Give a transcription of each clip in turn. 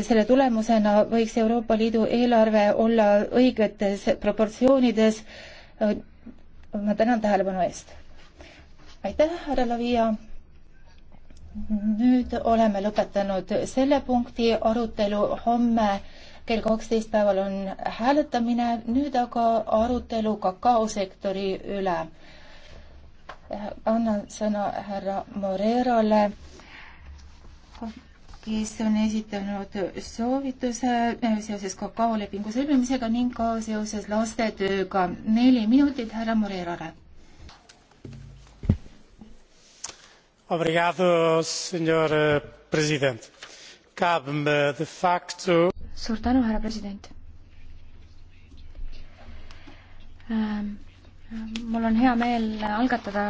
selle tulemusena võiks Euroopa Liidu eelarve olla õigetes proportsioonides. ma tänan tähelepanu eest. aitäh, härra Lavia. nüüd oleme lõpetanud selle punkti arutelu homme kell kaksteist päeval on hääletamine, nüüd aga arutelu kakaosektori üle. annan sõna härra Morerale kes on esitanud soovituse eh, seoses kakaolepingu sõlmimisega ning ka seoses lastetööga. neli minutit härra Morerale. Eh, suur tänu, härra president ähm mul on hea meel algatada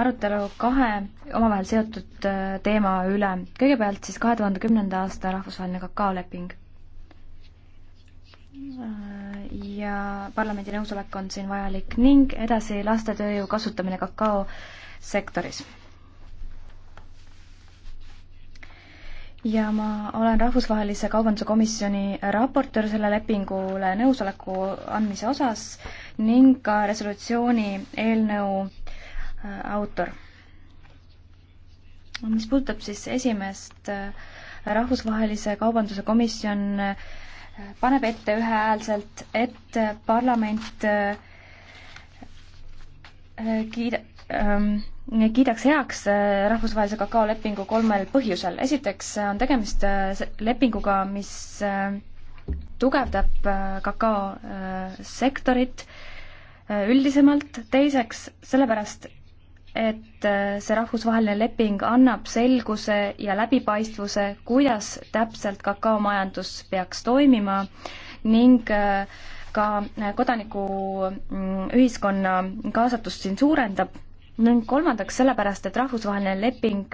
arutelu kahe omavahel seotud äh, teema üle. kõigepealt siis kahe tuhande kümnenda aasta rahvusvaheline kakaoleping. Äh, ja parlamendi nõusolek on siin vajalik ning edasi lastetööjõu kasutamine kakaosektoris ja ma olen Rahvusvahelise Kaubanduse Komisjoni raportöör selle lepingule nõusoleku andmise osas ning ka resolutsiooni eelnõu äh, autor. mis puudutab siis esimest, äh, rahvusvahelise kaubanduse komisjon äh, paneb ette ühehäälselt, et parlament kiida-, ähm, kiidaks heaks rahvusvahelise kakaolepingu kolmel põhjusel. esiteks on tegemist lepinguga, mis tugevdab äh, kakaosektorit äh, äh, üldisemalt, teiseks sellepärast, et see rahvusvaheline leping annab selguse ja läbipaistvuse, kuidas täpselt kakaomajandus peaks toimima ning ka kodanikuühiskonna mm, kaasatust siin suurendab ning kolmandaks sellepärast, et rahvusvaheline leping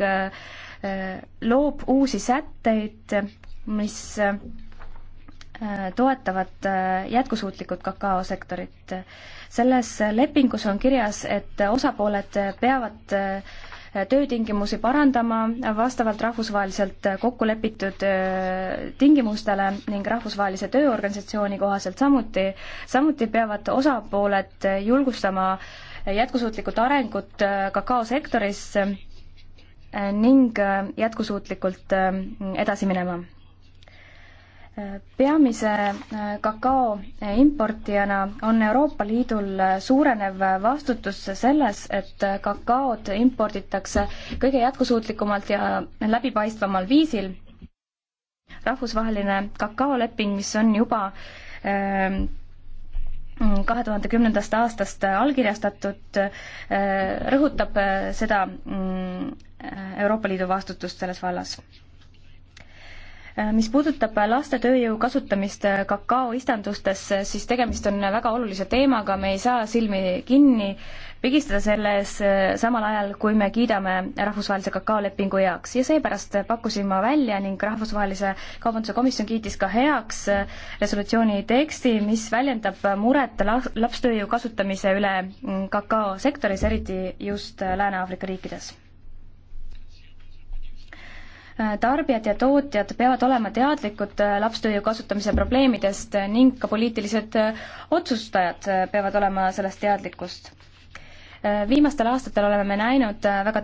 loob uusi sätteid, mis Äh, toetavad äh, jätkusuutlikud kakaosektorit. selles lepingus on kirjas, et osapooled peavad äh, töötingimusi parandama vastavalt rahvusvaheliselt kokku lepitud tingimustele ning Rahvusvahelise Tööorganisatsiooni kohaselt samuti. samuti peavad osapooled julgustama jätkusuutlikult arengut kakaosektoris ning jätkusuutlikult edasi minema peamise äh, kakao importijana on Euroopa Liidul suurenev vastutus selles, et kakaod imporditakse kõige jätkusuutlikumalt ja läbipaistvamal viisil. rahvusvaheline kakaoleping, mis on juba ähm, kahe tuhande kümnendast aastast allkirjastatud, äh, rõhutab äh, seda mm, Euroopa Liidu vastutust selles vallas mis puudutab laste tööjõu kasutamist kakaoistandustes, siis tegemist on väga olulise teemaga, me ei saa silmi kinni pigistada selles samal ajal, kui me kiidame rahvusvahelise kakaolepingu heaks ja seepärast pakkusin ma välja ning Rahvusvahelise Kaubanduse Komisjon kiitis ka heaks resolutsiooni teksti, mis väljendab muret lapstööjõu kasutamise üle kakaosektoris, eriti just Lääne-Aafrika riikides Äh, tarbijad ja tootjad peavad olema teadlikud äh, lapstööjõu kasutamise probleemidest äh, ning ka poliitilised otsustajad peavad olema sellest teadlikust. viimastel aastatel oleme me näinud väga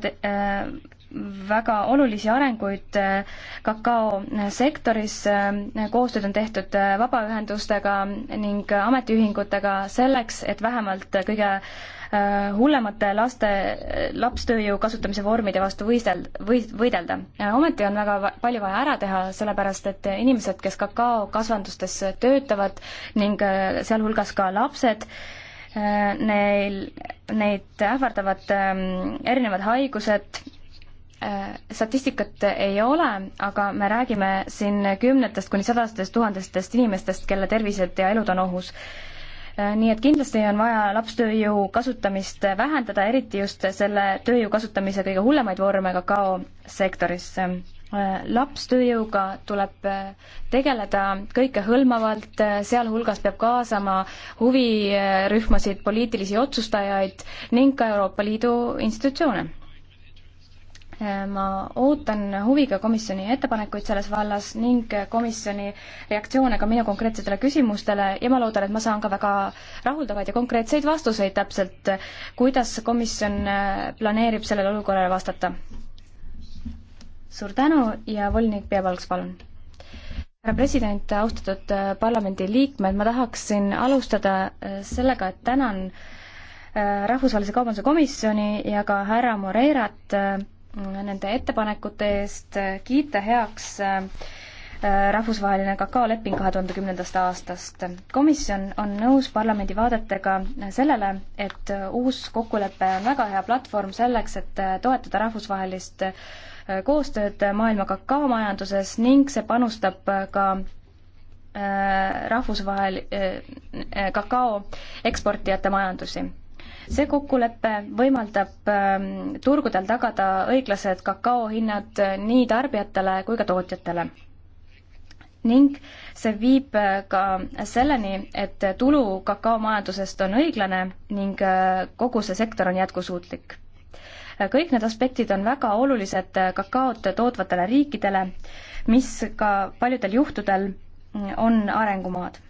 väga olulisi arenguid kakaosektoris, koostööd on tehtud vabaühendustega ning ametiühingutega selleks, et vähemalt kõige Äh, hullemate laste, lapstööjõu kasutamise vormide vastu võistel-, või-, võidelda. Äh, ometi on väga palju vaja ära teha, sellepärast et inimesed, kes kakaokasvandustes töötavad ning äh, sealhulgas ka lapsed, neil, neid ähvardavad ähm, erinevad haigused, statistikat ei ole, aga me räägime siin kümnetest kuni sadastest tuhandestest inimestest, kelle tervised ja elud on ohus Äh, nii et kindlasti on vaja lapstööjõu kasutamist vähendada, eriti just selle tööjõu kasutamise kõige hullemaid vorme kakao sektoris. Äh, lapstööjõuga tuleb äh, tegeleda kõikehõlmavalt, sealhulgas peab kaasama huvirühmasid, poliitilisi otsustajaid ning ka Euroopa Liidu institutsioone ma ootan huviga komisjoni ettepanekuid selles vallas ning komisjoni reaktsioone ka minu konkreetsetele küsimustele ja ma loodan, et ma saan ka väga rahuldavaid ja konkreetseid vastuseid täpselt, kuidas komisjon äh, planeerib sellele olukorrale vastata. suur tänu ja volinik Peep Alks, palun härra president, austatud äh, parlamendiliikmed, ma tahaksin alustada äh, sellega, et tänan Rahvusvahelise Kaubanduse Komisjoni ja ka härra Moreirat nende ettepanekute eest kiita heaks äh, rahvusvaheline kakaoleping kahe tuhande kümnendast aastast. komisjon on nõus parlamendi vaadetega sellele, et uus kokkulepe on väga hea platvorm selleks, et äh, toetada rahvusvahelist äh, koostööd maailma kakaomajanduses ning see panustab ka rahvusvahel- kakao eksportijate majandusi see kokkulepe võimaldab ähm, turgudel tagada õiglased kakaohinnad nii tarbijatele kui ka tootjatele ning see viib äh, ka selleni, et tulu kakaomajandusest on õiglane ning äh, kogu see sektor on jätkusuutlik. Äh, kõik need aspektid on väga olulised kakaot tootvatele riikidele, mis ka paljudel juhtudel mm, on arengumaad.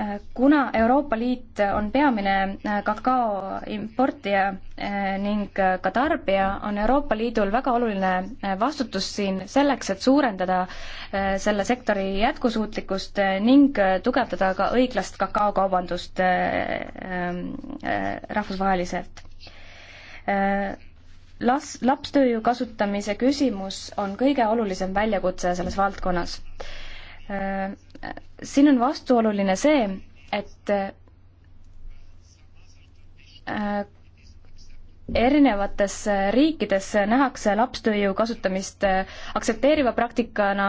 Äh, kuna Euroopa Liit on peamine äh, kakao importija äh, ning ka tarbija, on Euroopa Liidul väga oluline vastutus siin selleks, et suurendada selle sektori jätkusuutlikkust ning tugevdada ka õiglast kakaokaubandust ähm, rahvusvaheliselt. Las-, lapstööjõu kasutamise küsimus on kõige olulisem väljakutse selles valdkonnas siin on vastuoluline see, et äh, erinevates riikides nähakse lapstööjõu kasutamist äh, aktsepteeriva praktikana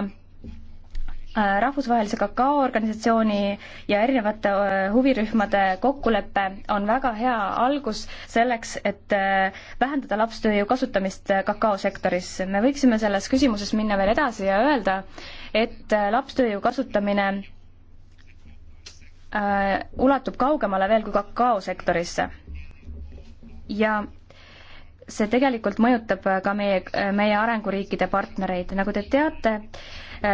Äh, rahvusvahelise kakaoorganisatsiooni ja erinevate äh, huvirühmade kokkulepe on väga hea algus selleks, et äh, vähendada lapstööjõu kasutamist kakaosektoris. me võiksime selles küsimuses minna veel edasi ja öelda, et lapstööjõu kasutamine ulatub kaugemale veel kui kakaosektorisse. ja see tegelikult mõjutab ka meie, meie arenguriikide partnereid, nagu te teate,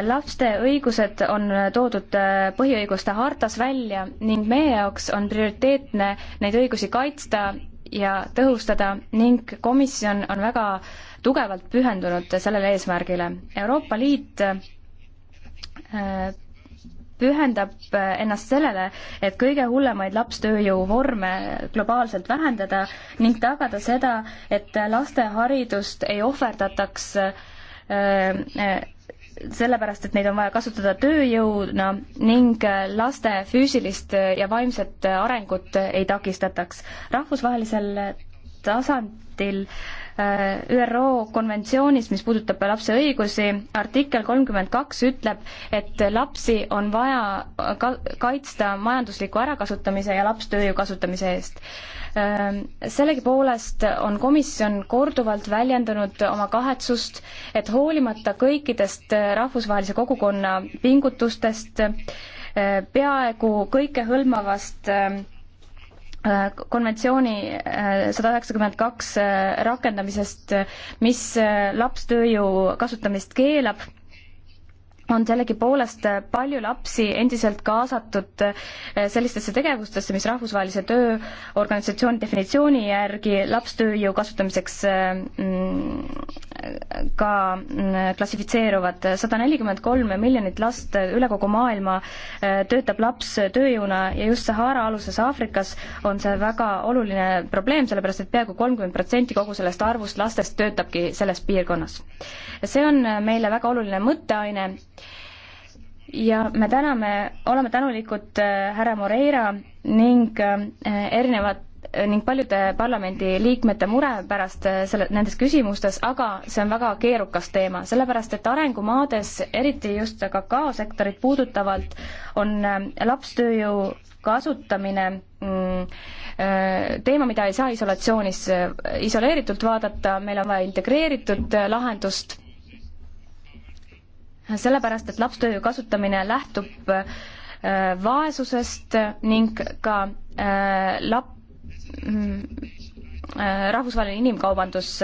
laste õigused on toodud äh, põhiõiguste hartas välja ning meie jaoks on prioriteetne neid õigusi kaitsta ja tõhustada ning komisjon on väga tugevalt pühendunud sellele eesmärgile. Euroopa Liit äh, pühendab äh, ennast sellele, et kõige hullemaid lapstööjõu vorme globaalselt vähendada ning tagada seda, et laste haridust ei ohverdataks sellepärast, et neid on vaja kasutada tööjõuna ning äh, laste füüsilist äh, ja vaimset äh, arengut ei takistataks. rahvusvahelisel tasandil äh, Äh, ÜRO konventsioonis, mis puudutab lapse õigusi, artikkel kolmkümmend kaks ütleb, et lapsi on vaja ka kaitsta majandusliku ärakasutamise ja lapstööjõu kasutamise eest. Ähm, sellegipoolest on komisjon korduvalt väljendanud oma kahetsust, et hoolimata kõikidest äh, rahvusvahelise kogukonna pingutustest, äh, peaaegu kõikehõlmavast äh, konventsiooni äh, sada üheksakümmend kaks äh, rakendamisest, mis äh, lapstööjõu kasutamist keelab on sellegipoolest palju lapsi endiselt kaasatud eh, sellistesse tegevustesse, mis rahvusvahelise tööorganisatsiooni definitsiooni järgi lapstööjõu kasutamiseks eh, mm, ka mm, klassifitseeruvad. sada nelikümmend kolm miljonit last üle kogu maailma eh, töötab laps tööjõuna ja just Sahara aluses Aafrikas on see väga oluline probleem, sellepärast et peaaegu kolmkümmend protsenti kogu sellest arvust lastest töötabki selles piirkonnas. see on meile väga oluline mõtteaine ja me täname, oleme tänulikud äh, härra Moreira ning äh, erinevad äh, ning paljude parlamendiliikmete mure pärast selle, nendes küsimustes, aga see on väga keerukas teema, sellepärast et arengumaades, eriti just kakaosektorit puudutavalt, on lapstööjõu kasutamine mm, teema, mida ei saa isolatsioonis isoleeritult vaadata, meil on vaja integreeritud lahendust sellepärast et lapstööjõu kasutamine lähtub äh, vaesusest ning ka äh, lap-, mm, äh, rahvusvaheline inimkaubandus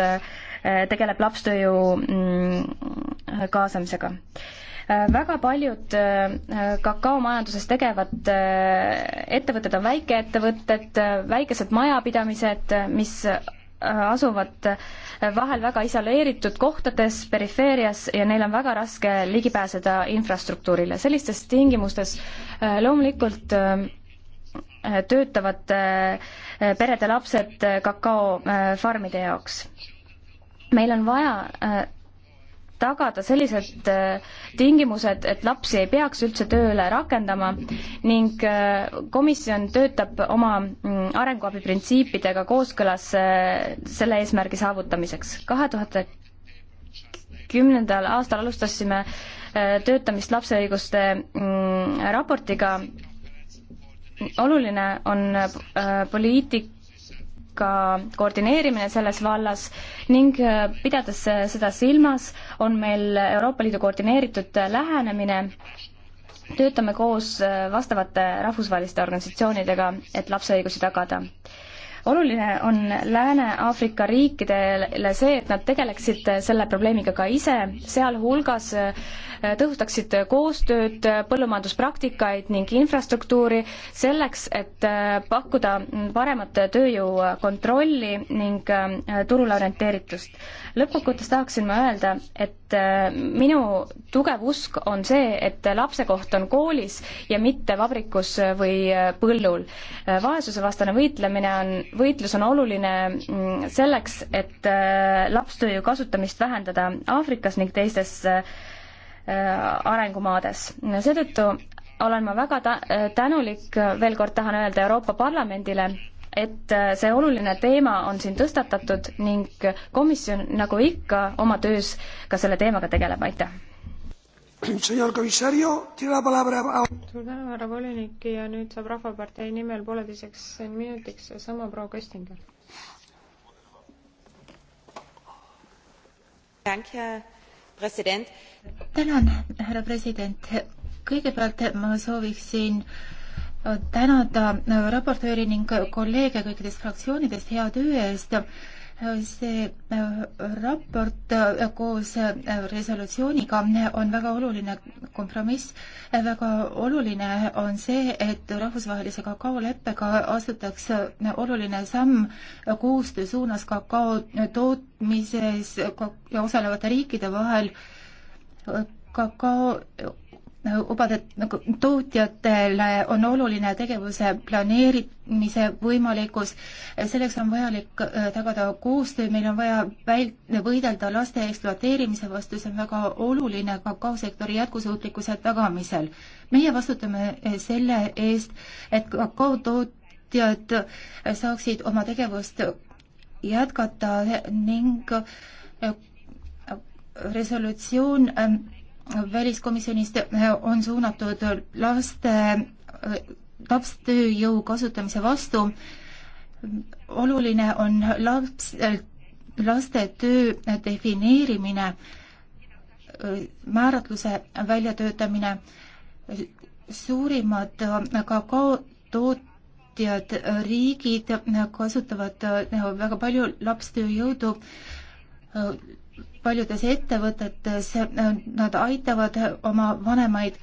tegeleb lapstööjõu mm, kaasamisega väga paljud kakaomajanduses tegevad ettevõtted on väikeettevõtted, väikesed majapidamised, mis asuvad vahel väga isoleeritud kohtades, perifeerias ja neil on väga raske ligi pääseda infrastruktuurile. sellistes tingimustes äh, loomulikult äh, töötavad äh, perede lapsed kakaofarmide jaoks. meil on vaja tagada sellised äh, tingimused, et lapsi ei peaks üldse tööle rakendama ning äh, komisjon töötab oma mm, arenguabi printsiipidega kooskõlas äh, selle eesmärgi saavutamiseks. kahe tuhande kümnendal aastal alustasime töötamist lapse õiguste mm, raportiga. oluline on poliitik-, ka koordineerimine selles vallas ning äh, pidades äh, seda silmas, on meil Euroopa Liidu koordineeritud äh, lähenemine, töötame koos vastavate rahvusvaheliste organisatsioonidega, et lapse õigusi tagada. oluline on Lääne-Aafrika riikidele see, et nad tegeleksid selle probleemiga ka ise, sealhulgas tõhustaksid koostööd, põllumajanduspraktikaid ning infrastruktuuri selleks, et äh, pakkuda paremat tööjõu kontrolli ning äh, turule orienteeritust. lõppkokkuvõttes tahaksin ma öelda, et äh, minu tugev usk on see, et lapse koht on koolis ja mitte vabrikus või põllul. vaesusevastane võitlemine on, võitlus on oluline mm, selleks, et lapstööjõu kasutamist vähendada Aafrikas ning teistes Äh, arengumaades. seetõttu olen ma väga ta-, tänulik, äh, veel kord tahan öelda Euroopa Parlamendile, et äh, see oluline teema on siin tõstatatud ning komisjon, nagu ikka, oma töös ka selle teemaga tegeleb, aitäh! suur tänu, härra volinik ja nüüd saab Rahvapartei nimel pooleteiseks minutiks sama proua Köstinger tänan, härra president. kõigepealt ma sooviksin tänada raportööri ning kolleege kõikidest fraktsioonidest hea töö eest see äh, raport äh, koos äh, resolutsiooniga on väga oluline kompromiss. väga oluline on see, et rahvusvahelise kakaoleppega astutakse oluline samm koostöö suunas kakao tootmises ja osalevate riikide vahel. kakao obade nagu tootjatele on oluline tegevuse planeerimise võimalikkus, selleks on vajalik äh, tagada koostöö, meil on vaja väl-, võidelda laste ekspluateerimise vastu, see on väga oluline kakaosektori jätkusuutlikkuse tagamisel. meie vastutame äh, selle eest, et kakaotootjad äh, saaksid oma tegevust jätkata ning resolutsioon ähm, väliskomisjonist eh, on suunatud laste eh, lapstööjõu kasutamise vastu. oluline on laps, eh, laste töö defineerimine, määratluse väljatöötamine, suurimad kakaotootjad, riigid kasutavad väga palju lapstööjõudu paljudes ettevõtetes, nad aitavad oma vanemaid.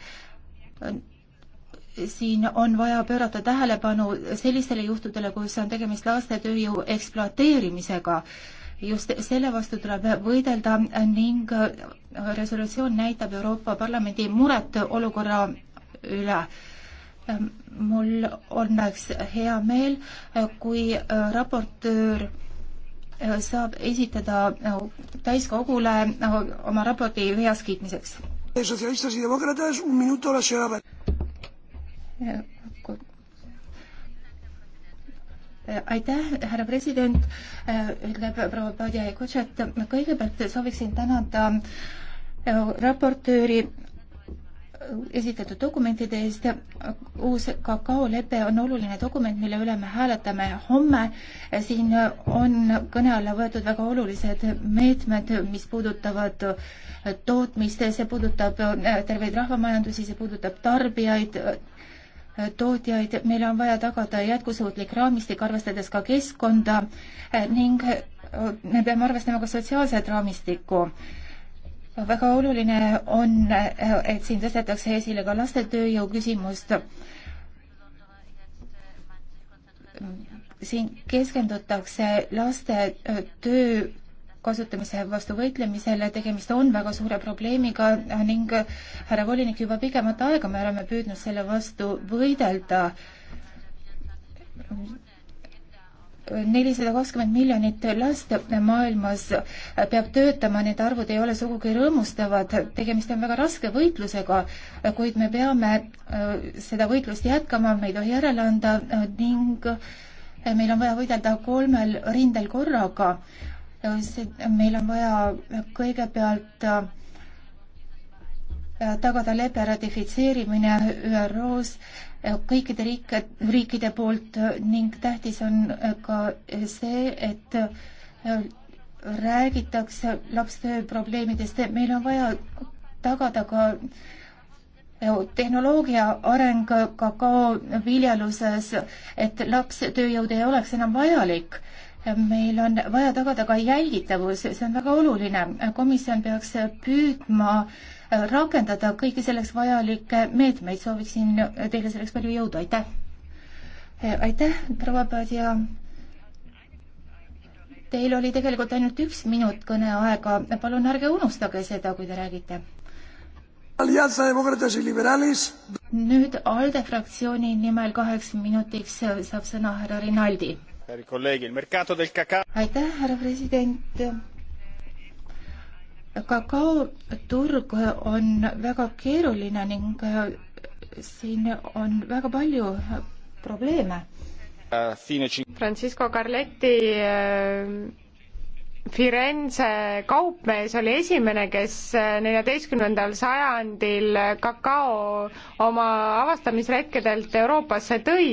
siin on vaja pöörata tähelepanu sellistele juhtudele, kus on tegemist lastetööjõu ekspluateerimisega. just selle vastu tuleb võidelda ning resolutsioon näitab Euroopa Parlamendi muret olukorra üle mul on hea meel, kui raportöör saab esitada äh, täiskogule äh, oma raporti heakskiitmiseks. Eh, äh, aitäh, härra president, ütleb proua Padja Kutšet. kõigepealt sooviksin tänada raportööri esitatud dokumentide eest. uus kakaolepe on oluline dokument, mille üle me hääletame homme. siin on kõne alla võetud väga olulised meetmed, mis puudutavad tootmist, see puudutab terveid rahvamajandusi, see puudutab tarbijaid, tootjaid, meil on vaja tagada jätkusuutlik raamistik, arvestades ka keskkonda ning me peame arvestama ka sotsiaalset raamistikku väga oluline on, et siin tõstetakse esile ka laste tööjõu küsimust. siin keskendutakse laste töö kasutamise vastu võitlemisele, tegemist on väga suure probleemiga ning härra volinik, juba pikemat aega me oleme püüdnud selle vastu võidelda nelisada kakskümmend miljonit last maailmas peab töötama, need arvud ei ole sugugi rõõmustavad, tegemist on väga raske võitlusega, kuid me peame äh, seda võitlust jätkama, me ei tohi järele anda äh, ning äh, meil on vaja võidelda kolmel rindel korraga. meil on vaja kõigepealt Äh, tagada lepe ratifitseerimine ÜRO-s äh, kõikide riike, riikide poolt äh, ning tähtis on ka see, et räägitakse lapstöö probleemidest, meil on vaja tagada ka tehnoloogia areng kakaoviljeluses, et lapstööjõud ei oleks enam vajalik meil on vaja tagada ka jälgitavus, see on väga oluline. komisjon peaks püüdma äh, rakendada kõiki selleks vajalikke meetmeid. sooviksin teile selleks palju jõudu, aitäh! Eh, aitäh, proua Padja! Teil oli tegelikult ainult üks minut kõneaega, palun ärge unustage seda, kui te räägite. nüüd ALDE fraktsiooni nimel kaheks minutiks saab sõna härra Rinaldi. aitäh, härra president kakaoturg on väga keeruline ning äh, siin on väga palju probleeme. Äh, Francisco Carletti äh, Firenze kaupmees oli esimene, kes äh, neljateistkümnendal sajandil kakao oma avastamisretkedelt Euroopasse tõi,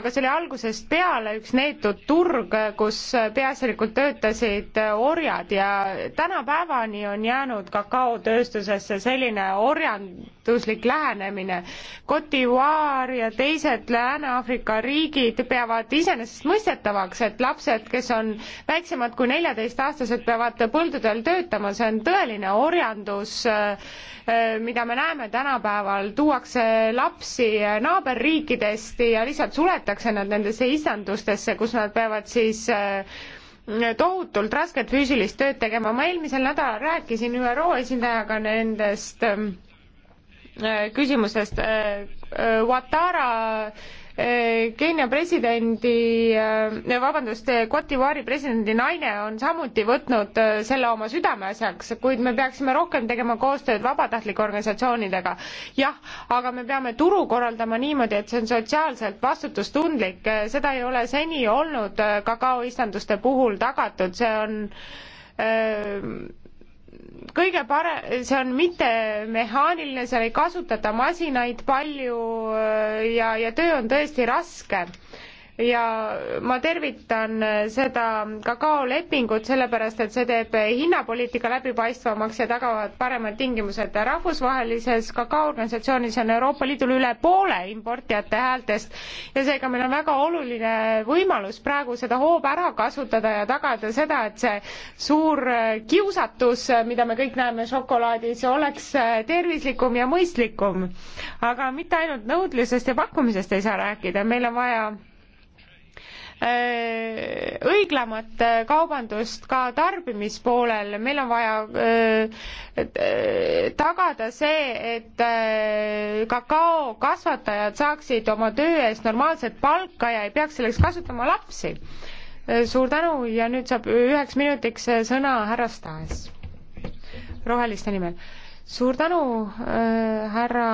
aga see oli algusest peale üks neetud turg, kus peaasjalikult töötasid äh, orjad ja tänapäevani on jäänud kakaotööstusesse selline orjand, ettevaatlik lähenemine. Cote d'Ivoire ja teised Lääne-Aafrika riigid peavad iseenesestmõistetavaks, et lapsed, kes on väiksemad kui neljateistaastased, peavad põldudel töötama, see on tõeline orjandus, äh, äh, mida me näeme tänapäeval, tuuakse lapsi naaberriikidest ja lihtsalt suletakse nad nendesse istandustesse, kus nad peavad siis äh, tohutult rasket füüsilist tööd tegema, ma eelmisel nädalal rääkisin ÜRO esindajaga nendest ähm, Äh, küsimusest. Äh, äh, Ouattara Keenia presidendi, vabandust, Cote d'Ivoire'i presidendi naine on samuti võtnud selle oma südameasjaks, kuid me peaksime rohkem tegema koostööd vabatahtlike organisatsioonidega. jah, aga me peame turu korraldama niimoodi, et see on sotsiaalselt vastutustundlik, seda ei ole seni olnud kakaoistanduste puhul tagatud, see on öö, kõige pare-, see on mitte mehaaniline, seal ei kasutata masinaid palju äh, ja, ja töö on tõesti raske ja ma tervitan seda kakaolepingut, sellepärast et see teeb hinnapoliitika läbipaistvamaks ja tagavad paremad tingimused. rahvusvahelises kakaoorganisatsioonis on Euroopa Liidul üle poole importijate häältest ja seega meil on väga oluline võimalus praegu seda hooba ära kasutada ja tagada seda, et see suur kiusatus, mida me kõik näeme šokolaadis, oleks tervislikum ja mõistlikum. aga mitte ainult nõudlusest ja pakkumisest ei saa rääkida, meil on vaja Äh, õiglamat äh, kaubandust ka tarbimispoolel, meil on vaja öö, äh, tagada see, et kakaokasvatajad saaksid oma töö eest normaalset palka ja ei peaks selleks kasutama lapsi. suur tänu ja nüüd saab üheks minutiks sõna härra Stas roheliste nimel. suur tänu äh,, härra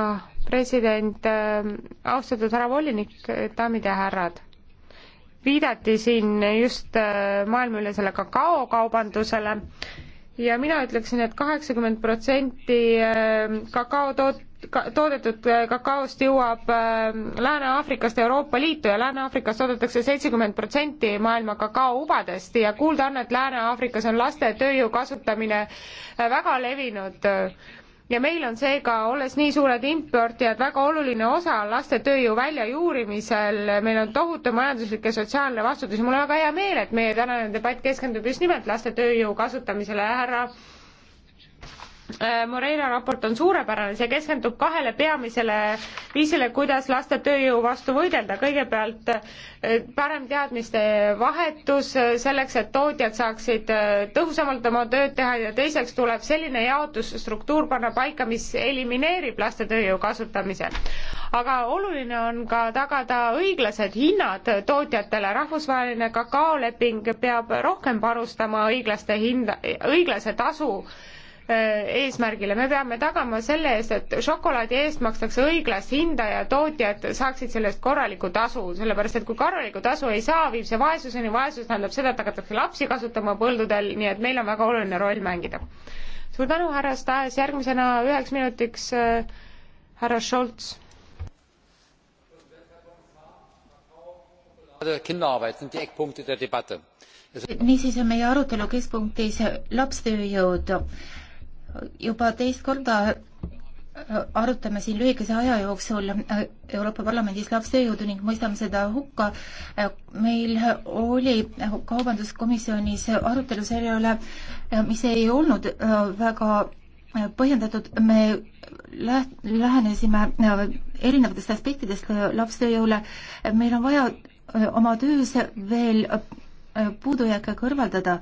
president äh,, austatud härra volinik, daamid ja härrad viidati siin just äh, maailmaülesele kakaokaubandusele ja mina ütleksin et, et kaheksakümmend protsenti äh, kakaotoot-, toodetud äh, kakaost jõuab Lääne-Aafrikast Euroopa Liitu ja Lääne-Aafrikas toodetakse seitsekümmend protsenti maailma kakaoubadest ja kuulda on, et Lääne-Aafrikas on laste tööjõu kasutamine väga levinud ja meil on seega, olles nii suured importijad, väga oluline osa laste tööjõu väljajuurimisel, meil on tohutu majanduslik ja sotsiaalne vastutus ja mul on väga hea meel, et meie tänane debatt keskendub just nimelt laste tööjõu kasutamisele, härra Äh, Moreira raport on suurepärane, see keskendub kahele peamisele viisile, kuidas laste tööjõu vastu võidelda. kõigepealt äh, parem teadmiste vahetus äh, selleks, et tootjad saaksid tõhusamalt oma tööd teha ja teiseks tuleb selline jaotusstruktuur panna paika, mis elimineerib laste tööjõu kasutamise. aga oluline on ka tagada õiglased hinnad tootjatele. rahvusvaheline kakaoleping peab rohkem panustama õiglaste hinda, õiglase tasu Äh, eesmärgile, me peame tagama selle eest, et šokolaadi eest makstakse õiglast hinda ja tootjad saaksid selle eest korralikku tasu, sellepärast et kui korralikku tasu ei saa, viib see vaesuseni, vaesus tähendab seda, et hakatakse lapsi kasutama põldudel, nii et meil on väga oluline roll mängida. suur tänu, härra Stas, järgmisena üheks minutiks äh, härra Scholz. Kinderarbeit sind die Eckpunkte der Debatte. niisiis on meie arutelu keskpunktis lapstööjõud juba teist korda äh, arutame siin lühikese aja jooksul äh, Euroopa Parlamendis lapsejõudu ning mõistame seda hukka. Äh, meil oli Kaubanduskomisjonis arutelu selle üle, mis ei olnud väga põhjendatud, me läht-, lähenesime erinevatest aspektidest lapsejõule. meil on vaja oma töös veel puudujääke kõrvaldada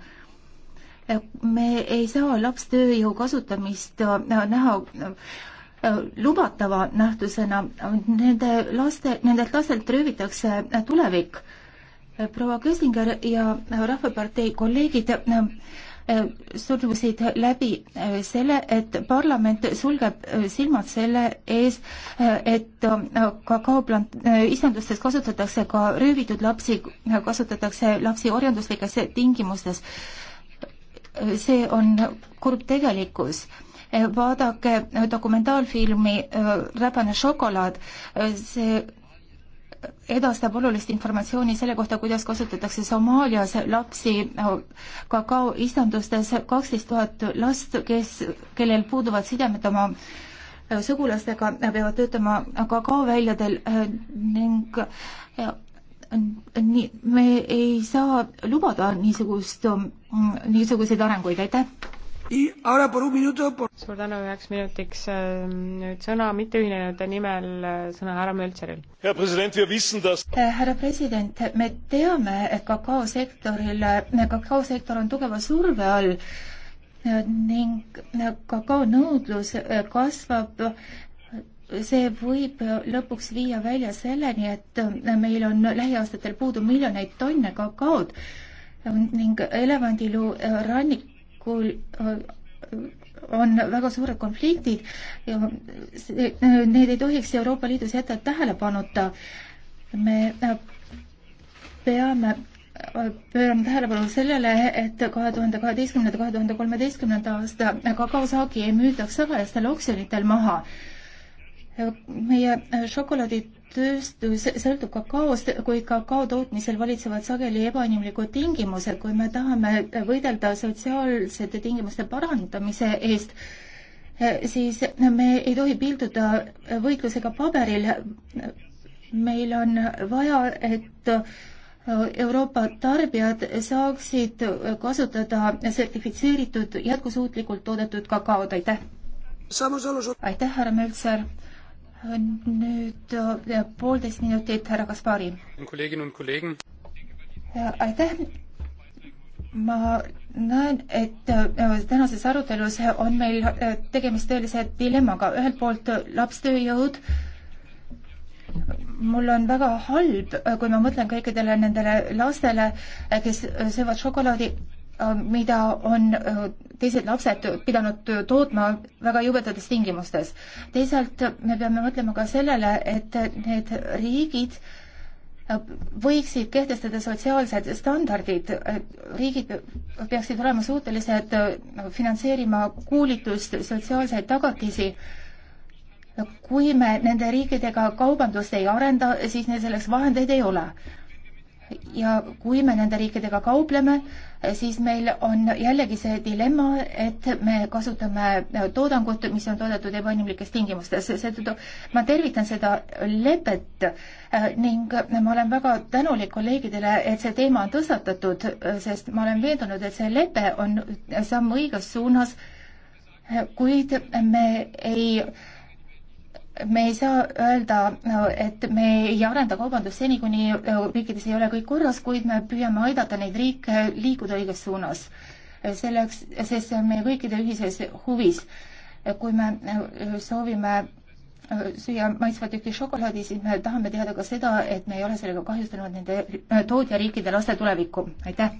me ei saa lapstööjõu kasutamist äh, näha äh, lubatava nähtusena, nende laste, nendelt lastelt röövitakse äh, tulevik. proua Kösinger ja Rahvapartei kolleegid surusid läbi selle, et parlament sulgeb silmad selle ees, et kakaoplant-, istandustes kasutatakse ka röövitud lapsi, kasutatakse lapsi orjanduslikes tingimustes see on kurb tegelikkus vaadake dokumentaalfilmi äh, Räpane šokolaad, see edastab olulist informatsiooni selle kohta, kuidas kasutatakse Somaalias lapsi äh, kakaoistandustes, kaksteist tuhat last, kes, kellel puuduvad sidemed oma äh, sugulastega, peavad töötama kakaoväljadel ning nii, me ei saa lubada niisugust, mm, niisuguseid arenguid, aitäh! suur tänu üheks minutiks, ähm, nüüd sõna mitteühinenute nimel, äh, sõna härra Möltseril. Äh, härra president, me teame, et kakaosektoril, äh, kakaosektor on tugeva surve all ning kakao nõudlus kasvab see võib lõpuks viia välja selleni, et äh, meil on lähiaastatel puudu miljoneid tonne kakaod ning elevandiluu äh, rannikul äh, on väga suured konfliktid ja need ei tohiks Euroopa Liidus jätta tähelepanuta. me peame pöörame tähelepanu sellele, et kahe tuhande kaheteistkümnenda, kahe tuhande kolmeteistkümnenda aasta kakaosaagi müüdaks sõgajastel oksjonitel maha meie äh, šokolaaditööstus sõltub kakaost, kuid kakao tootmisel valitsevad sageli ebainimlikud tingimused. kui me tahame äh, võidelda sotsiaalsete tingimuste parandamise eest, äh, siis me ei tohi piilduda võitlusega paberil. meil on vaja, et Euroopa tarbijad saaksid kasutada sertifitseeritud jätkusuutlikult toodetud kakaod, aitäh! aitäh, härra Möltser! nüüd äh, poolteist minutit, härra Kaspari. Äh, aitäh. ma näen, et äh, tänases arutelus on meil tegemist tõelise dilemmaga, ühelt poolt lapstööjõud, mul on väga halb, kui ma mõtlen kõikidele nendele lastele, kes söövad šokolaadi Äh, mida on äh, teised lapsed pidanud tootma väga jõbedates tingimustes. teisalt me peame mõtlema ka sellele, et need riigid äh, võiksid kehtestada sotsiaalsed standardid, riigid peaksid olema suutelised finantseerima kuulitust, sotsiaalseid tagatisi. kui me nende riikidega kaubandust ei arenda, siis neil selleks vahendeid ei ole ja kui me nende riikidega kaupleme, siis meil on jällegi see dilemma, et me kasutame toodangut, mis on toodetud ebainimlikes tingimustes, seetõttu ma tervitan seda lepet äh, ning ma olen väga tänulik kolleegidele, et see teema on tõstatatud, äh, sest ma olen veendunud, et see lepe on samm õiges suunas, äh, kuid me ei äh, me ei saa öelda, et me ei arenda kaubandust seni, kuni äh, riikides ei ole kõik korras, kuid me püüame aidata neid riike liikuda õiges suunas. selleks, sest see on meie kõikide ühises huvis. kui me äh, soovime äh, süüa maitsvat tükki šokolaadi, siis me tahame teada ka seda, et me ei ole sellega kahjustanud nende tootjariikide laste tulevikku. aitäh!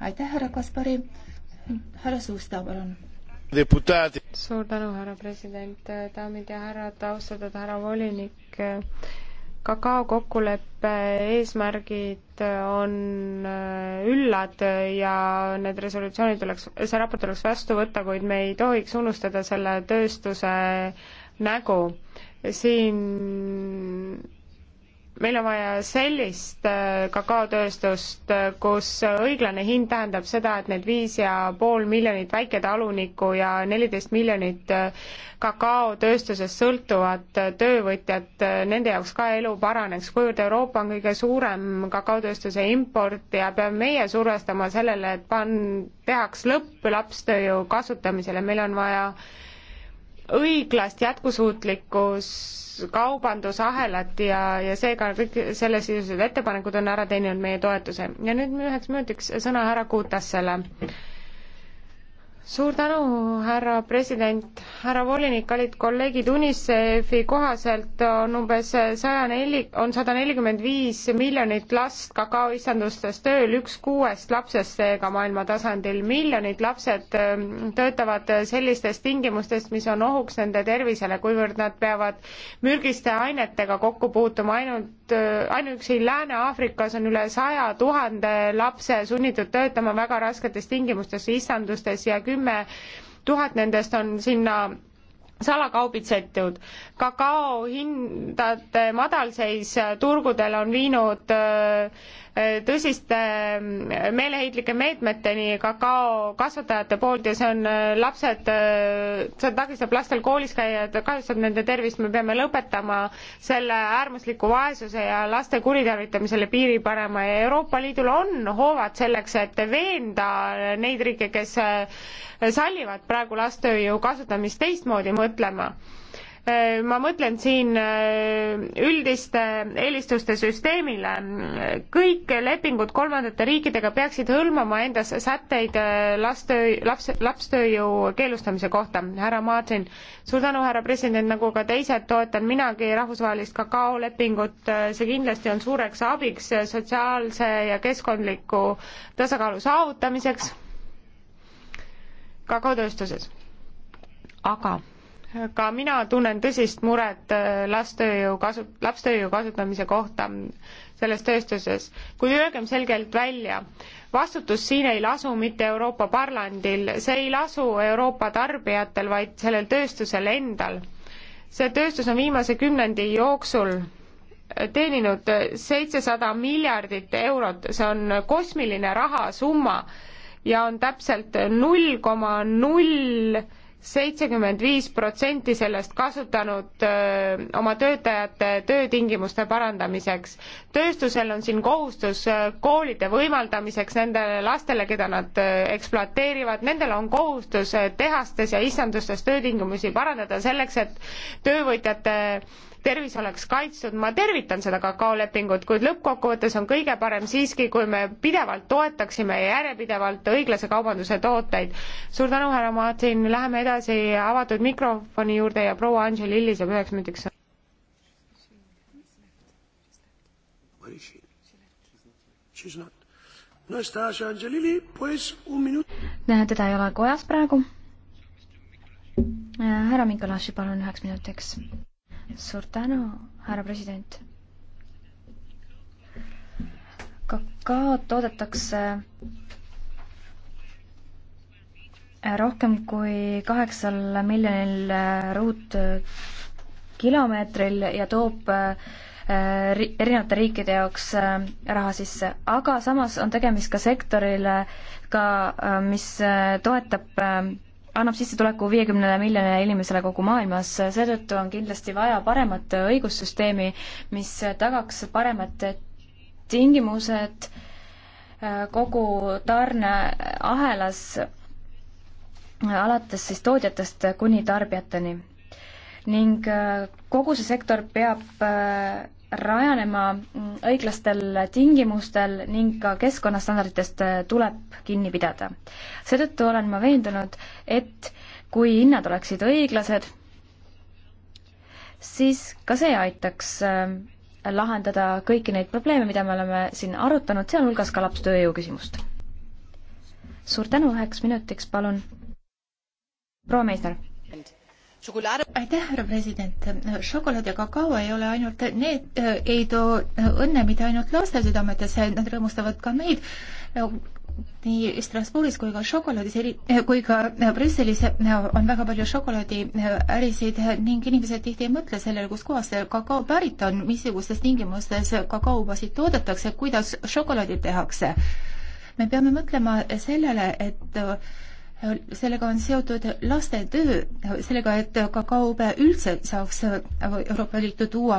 aitäh, härra Kaspari! härra Suusta, palun! deputaadi. suur tänu, härra president, daamid ja härrad, austatud härra volinik. kakao kokkuleppe eesmärgid on üllad ja need resolutsioonid tuleks, see raport tuleks vastu võtta, kuid me ei tohiks unustada selle tööstuse nägu. siin meil on vaja sellist äh, kakaotööstust, äh, kus õiglane hind tähendab seda, et need viis ja pool miljonit väiketalunikku ja neliteist miljonit äh, kakaotööstusest sõltuvat töövõtjat, nende jaoks ka elu paraneks. kuivõrd Euroopa on kõige suurem kakaotööstuse import ja peame meie survestama sellele, et pan-, tehaks lõpp lapstööjõu kasutamisele, meil on vaja õiglast jätkusuutlikkus kaubandusahelat ja, ja seega kõik sellesisused ettepanekud on ära teeninud meie toetuse. ja nüüd üheks minutiks sõna härra Kutasele suur tänu, härra president, härra volinik, kallid kolleegid, UNICEF-i kohaselt on umbes saja neli, on sada nelikümmend viis miljonit last kakaoistandustes tööl, üks kuuest lapsest seega maailma tasandil. miljonid lapsed ähm, töötavad sellistes tingimustes, mis on ohuks nende tervisele, kuivõrd nad peavad mürgiste ainetega kokku puutuma ainult ainult, äh, ainuüksi Lääne-Aafrikas on üle saja tuhande lapse sunnitud töötama väga rasketes tingimustes, istandustes ja kümme tuhat nendest on sinna salakaubitsetud. kakao hindade madalseis turgudel on viinud äh, tõsiste meeleheitlike meetmeteni kakao kasvatajate poolt ja see on äh, lapsed, äh, see takistab lastel koolis käia, et kahjustab nende tervist, me peame lõpetama selle äärmusliku vaesuse ja laste kuritarvitamisele piiri panema ja Euroopa Liidul on hoovad selleks, et veenda neid riike, kes äh, sallivad praegu lastööjõu kasutamist teistmoodi mõtlema Äh, ma mõtlen siin äh, üldiste eelistuste süsteemile. kõik lepingud kolmandate riikidega peaksid hõlmama endas sätteid äh, lastöö, laps, lapstööjõu keelustamise kohta. härra Martin, suur tänu, härra president, nagu ka teised, toetan minagi rahvusvahelist kakaolepingut. see kindlasti on suureks abiks sotsiaalse ja keskkondliku tasakaalu saavutamiseks kakaotööstuses. aga ka mina tunnen tõsist muret äh, lastööjõu kasu-, lapstööjõu kasutamise kohta selles tööstuses, kuid öelgem selgelt välja, vastutus siin ei lasu mitte Euroopa Parlandil, see ei lasu Euroopa tarbijatel, vaid sellel tööstusel endal. see tööstus on viimase kümnendi jooksul teeninud seitsesada miljardit eurot, see on kosmiline rahasumma ja on täpselt null koma null seitsekümmend viis protsenti sellest kasutanud öö, oma töötajate töötingimuste parandamiseks. tööstusel on siin kohustus öö, koolide võimaldamiseks nendele lastele, keda nad öö, ekspluateerivad, nendel on kohustus öö, tehastes ja istandustes töötingimusi parandada selleks, et töövõtjate öö, tervis oleks kaitstud, ma tervitan seda kakaolepingut, kuid lõppkokkuvõttes on kõige parem siiski, kui me pidevalt toetaksime ja järjepidevalt õiglase kaubanduse tooteid. suur tänu, härra Martin, läheme edasi avatud mikrofoni juurde ja proua Anželilli saab üheks minutiks sõna. where is she? She's not. No está Angelili, pues un minut. Näe, teda ei ole kojas praegu. härra Mikolaši, palun üheks minutiks suur tänu, härra president. kakaod toodetakse rohkem kui kaheksal miljonil ruutkilomeetril ja toob äh, erinevate riikide jaoks äh, raha sisse, aga samas on tegemist ka sektorile ka, äh, mis toetab annab sissetuleku viiekümnele miljonile inimesele kogu maailmas, seetõttu on kindlasti vaja paremat õigussüsteemi, mis tagaks paremad tingimused äh, kogu tarneahelas, äh, alates siis tootjatest kuni tarbijateni. ning äh, kogu see sektor peab rajanema õiglastel tingimustel ning ka keskkonnastandarditest tuleb kinni pidada. seetõttu olen ma veendunud, et kui hinnad oleksid õiglased, siis ka see aitaks äh, lahendada kõiki neid probleeme, mida me oleme siin arutanud, sealhulgas ka lapstööjõu küsimust. suur tänu, üheks minutiks palun. proua Meisner aitäh, härra president. šokolaad ja kakao ei ole ainult, need äh, ei too õnne mitte ainult laste südametesse, nad rõõmustavad ka meid nii Strasbourgis kui ka šokolaadis, äh, kui ka äh, Brüsselis on väga palju šokolaadiärisid ning inimesed tihti ei mõtle sellele, kuskohast see kakao pärit on, missugustes tingimustes kakaobasid toodetakse, kuidas šokolaadi tehakse. me peame mõtlema sellele, et sellega on seotud laste töö, sellega, et kakaobe üldse saaks äh, Euroopa Liitu tuua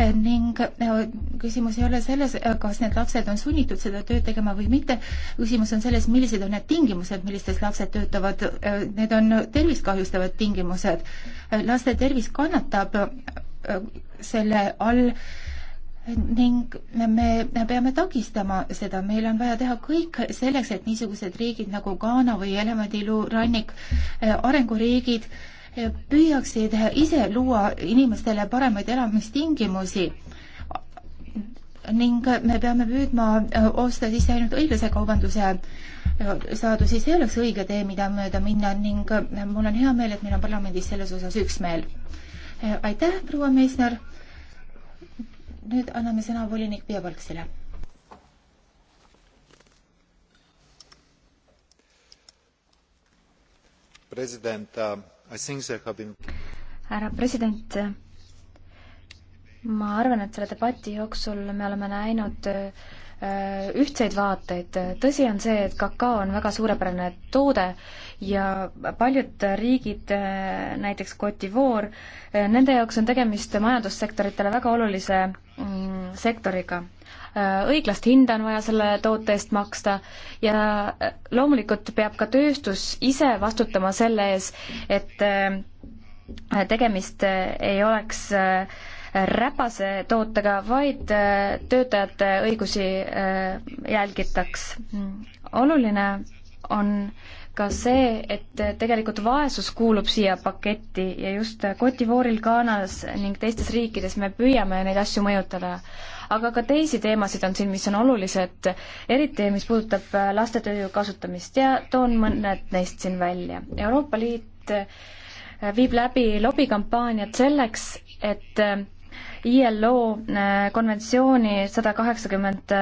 äh, ning äh, küsimus ei ole selles, kas need lapsed on sunnitud seda tööd tegema või mitte, küsimus on selles, millised on need tingimused, millistes lapsed töötavad, need on tervist kahjustavad tingimused. laste tervis kannatab selle all ning me peame takistama seda, meil on vaja teha kõik selleks, et niisugused riigid nagu Ghana või Elevandilu rannik, eh, arenguriigid eh, püüaksid ise luua inimestele paremaid elamistingimusi ning me peame püüdma eh, osta sisse ainult õiglase kaubanduse saadusi, see oleks õige tee, mida mööda minna ning mul on hea meel, et meil on parlamendis selles osas üksmeel. aitäh, proua Meisner nüüd anname sõna volinik Piia Palksile. president uh,, I think there have been härra president, ma arvan, et selle debati jooksul me oleme näinud uh, ühtseid vaateid. tõsi on see, et kakao on väga suurepärane toode ja paljud riigid, näiteks Cote d'Ivoire, nende jaoks on tegemist majandussektoritele väga olulise mm, sektoriga. õiglast hinda on vaja selle toote eest maksta ja loomulikult peab ka tööstus ise vastutama selle ees, et tegemist ei oleks äh, räpase tootega, vaid äh, töötajate õigusi äh, jälgitaks. oluline on ka see, et tegelikult vaesus kuulub siia paketti ja just Cotivooril, Ghanas ning teistes riikides me püüame neid asju mõjutada. aga ka teisi teemasid on siin, mis on olulised, eriti mis puudutab äh, lastetööjõu kasutamist ja toon mõned neist siin välja. Euroopa Liit viib läbi lobikampaaniat selleks, et ILO äh, konventsiooni sada kaheksakümmend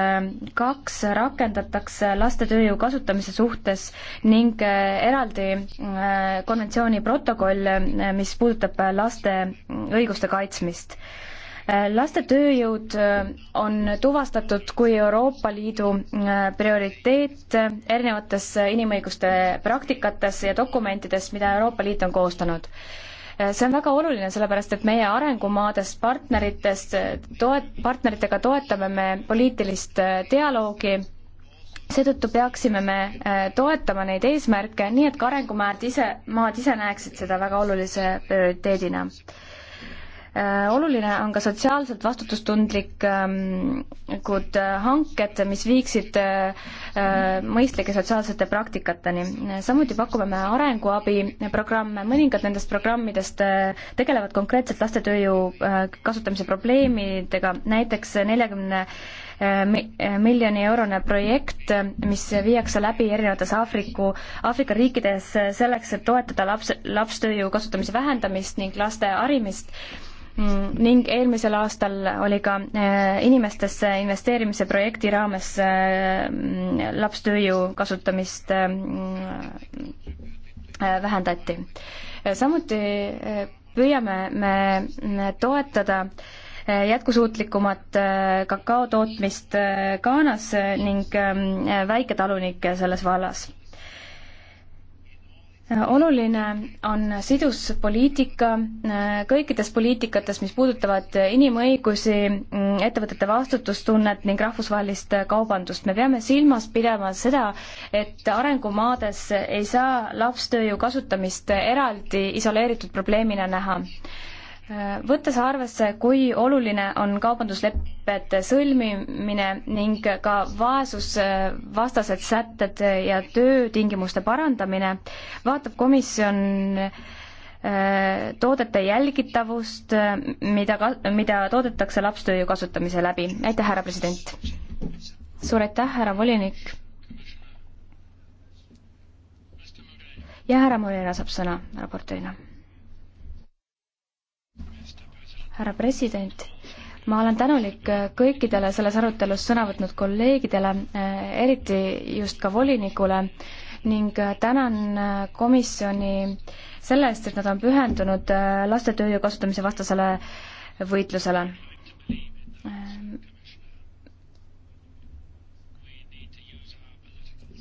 kaks rakendatakse laste tööjõu kasutamise suhtes ning äh, eraldi äh, konventsiooni protokoll, mis puudutab laste õiguste kaitsmist laste tööjõud on tuvastatud kui Euroopa Liidu prioriteet erinevates inimõiguste praktikates ja dokumentides, mida Euroopa Liit on koostanud see on väga oluline, sellepärast et meie arengumaadest partneritest toet-, partneritega toetame me poliitilist äh, dialoogi, seetõttu peaksime me äh, toetama neid eesmärke, nii et ka arengumaad ise, maad ise näeksid seda väga olulise prioriteedina Äh, oluline on ka sotsiaalselt vastutustundlikud ähm, äh, hanked, mis viiksid äh, mõistlike sotsiaalsete praktikateni. samuti pakume me arenguabi programme, mõningad nendest programmidest tegelevad konkreetselt lastetööjõu kasutamise probleemidega, näiteks neljakümne miljoni eurone projekt, mis viiakse läbi erinevates Aafriku, Aafrika riikides selleks, et toetada laps, lapstööjõu kasutamise vähendamist ning laste harimist Mm, ning eelmisel aastal oli ka äh, inimestesse investeerimise projekti raames äh, lapstööjõu kasutamist äh, vähendati. samuti püüame me toetada jätkusuutlikumat kakao tootmist Ghanas ning ähm, väiketalunikke selles vallas oluline on sidus poliitika äh, kõikides poliitikates, mis puudutavad inimõigusi, mm, ettevõtete vastutustunnet ning rahvusvahelist kaubandust. me peame silmas pidama seda, et arengumaades ei saa lapstööjõu kasutamist eraldi isoleeritud probleemina näha võttes arvesse, kui oluline on kaubanduslepete sõlmimine ning ka vaesusvastased sätted ja töötingimuste parandamine, vaatab komisjon äh, toodete jälgitavust, mida, mida toodetakse lapstööjõu kasutamise läbi. aitäh, härra president! suur aitäh, härra volinik! ja härra Moreira saab sõna raportöörina härra president, ma olen tänulik äh, kõikidele selles arutelus sõna võtnud kolleegidele, äh, eriti just ka volinikule ning äh, tänan komisjoni selle eest, et nad on pühendunud laste tööjõu kasutamise vastasele võitlusele.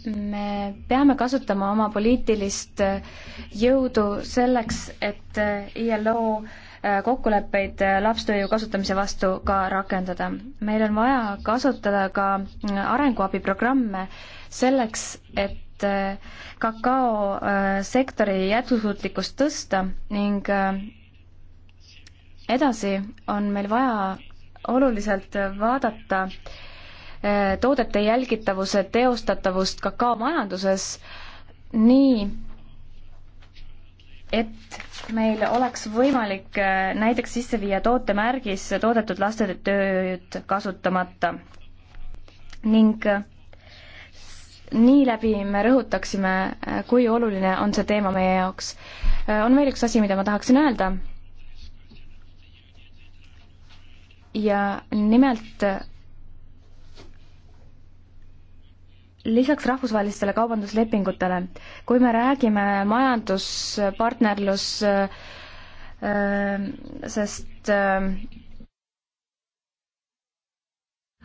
me peame kasutama oma poliitilist jõudu selleks, et ILO kokkuleppeid äh, lapstööjõu kasutamise vastu ka rakendada. meil on vaja kasutada ka äh, arenguabiprogramme selleks, et äh, kakaosektori jätkusuutlikkust tõsta ning edasi on meil vaja oluliselt vaadata toodete jälgitavuse teostatavust kakaomajanduses nii, et meil oleks võimalik äh, näiteks sisse viia tootemärgis toodetud laste tööd kasutamata ning äh, nii läbi me rõhutaksime, äh, kui oluline on see teema meie jaoks. on veel üks asi, mida ma tahaksin öelda. ja nimelt lisaks rahvusvahelistele kaubanduslepingutele, kui me räägime majanduspartnerlus äh, äh, sest äh,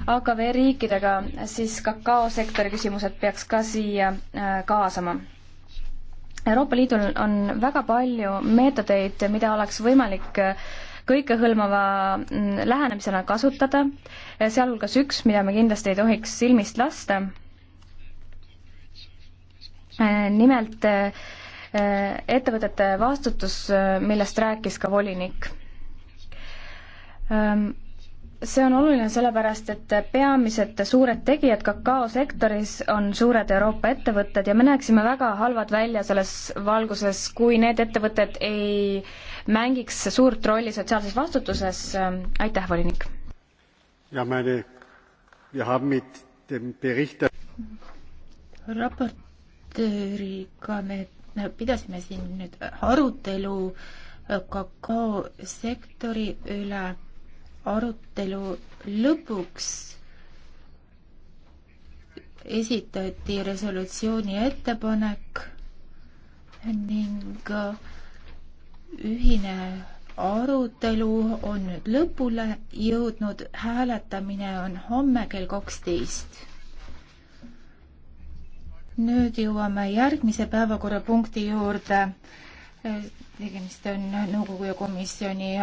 AKV riikidega, siis kakaosektori küsimused peaks ka siia kaasama. Euroopa Liidul on väga palju meetodeid, mida oleks võimalik kõikehõlmava mm, lähenemisena kasutada, sealhulgas üks, mida me kindlasti ei tohiks silmist lasta Äh, nimelt äh, äh, ettevõtete vastutus, millest rääkis ka volinik ähm, see on oluline sellepärast, et peamised suured tegijad kakaosektoris on suured Euroopa ettevõtted ja me näeksime väga halvad välja selles valguses, kui need ettevõtted ei mängiks suurt rolli sotsiaalses vastutuses. Ähm, aitäh, volinik! raporti raportööriga me pidasime siin nüüd arutelu äh, kakaosektori üle. arutelu lõpuks esitati resolutsiooni ettepanek ning äh, ühine arutelu on nüüd lõpule jõudnud, hääletamine on homme kell kaksteist nüüd jõuame järgmise päevakorrapunkti juurde. tegemist on nõukogu ja komisjoni